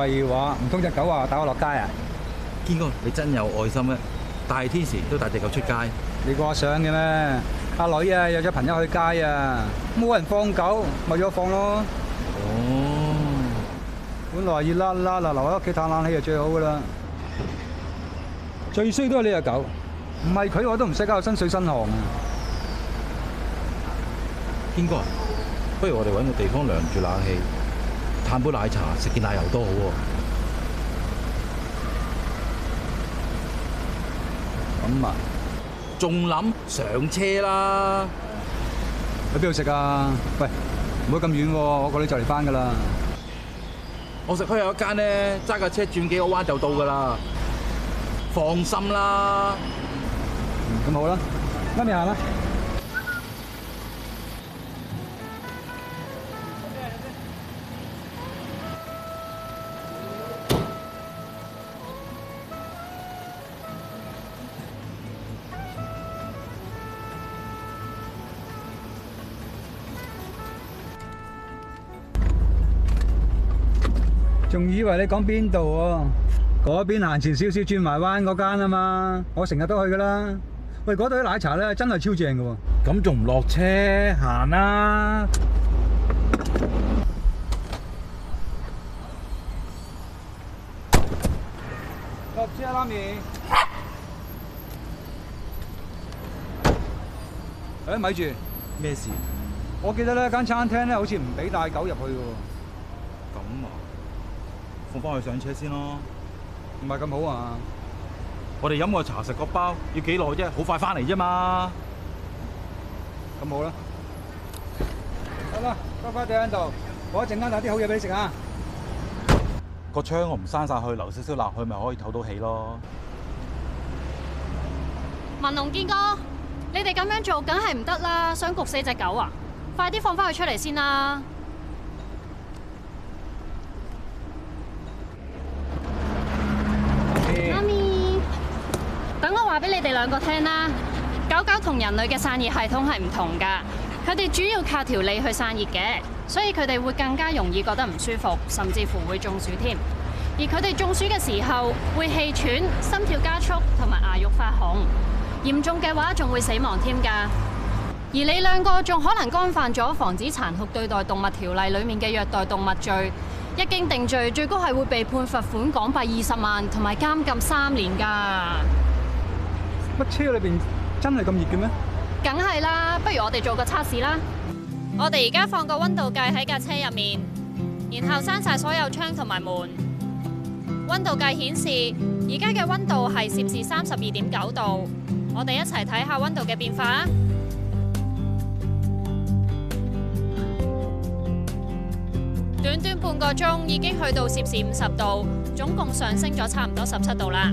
廢話，唔通隻狗話帶我落街啊？堅哥，你真有愛心咧，大天時都帶隻狗出街。你掛相嘅咩？阿女啊，約咗朋友去街啊，冇人放狗，咪咗放咯。哦，本來熱辣辣，嗱留喺屋企嘆冷氣就最好噶啦。最衰都係呢隻狗，唔係佢我都唔使搞身水身汗啊。堅哥，不如我哋搵個地方涼住冷氣。嘆杯奶茶，食件奶油都好。咁啊，仲諗上車啦？去邊度食啊？喂，唔好咁遠喎，我個你就嚟翻噶啦。我食區有一間咧，揸架車轉幾個彎就到噶啦。放心啦。咁好啦。跟你行啦。仲以為你講邊度喎？嗰邊行前少少轉埋彎嗰間啊嘛，我成日都去噶啦。喂，嗰度啲奶茶咧真係超正噶，咁仲唔落車行啦？落車啦，咪。誒，咪住，咩事？我記得呢間餐廳咧好似唔俾帶狗入去噶，咁啊。放翻佢上車先咯，唔係咁好啊！我哋飲個茶食個包，要幾耐啫？好快翻嚟啫嘛。咁好啦，得啦，乖乖哋喺度，我一陣間帶啲好嘢俾你食啊！個窗我唔閂晒，去留少少冷氣咪可以透到氣咯。文龍健哥，你哋咁樣做梗係唔得啦，想焗死隻狗啊！快啲放翻佢出嚟先啦！俾你哋兩個聽啦，狗狗同人類嘅散熱系統係唔同噶，佢哋主要靠條脷去散熱嘅，所以佢哋會更加容易覺得唔舒服，甚至乎會中暑添。而佢哋中暑嘅時候會氣喘、心跳加速同埋牙肉發紅，嚴重嘅話仲會死亡添噶。而你兩個仲可能干犯咗《防止殘酷對待動物條例》裏面嘅虐待動物罪，一經定罪，最高係會被判罰款港幣二十萬同埋監禁三年噶。車裏邊真係咁熱嘅咩？梗係啦，不如我哋做個測試啦。我哋而家放個溫度計喺架車入面，然後閂晒所有窗同埋門。溫度計顯示而家嘅溫度係攝氏三十二點九度。我哋一齊睇下溫度嘅變化。短短半個鐘已經去到攝氏五十度，總共上升咗差唔多十七度啦。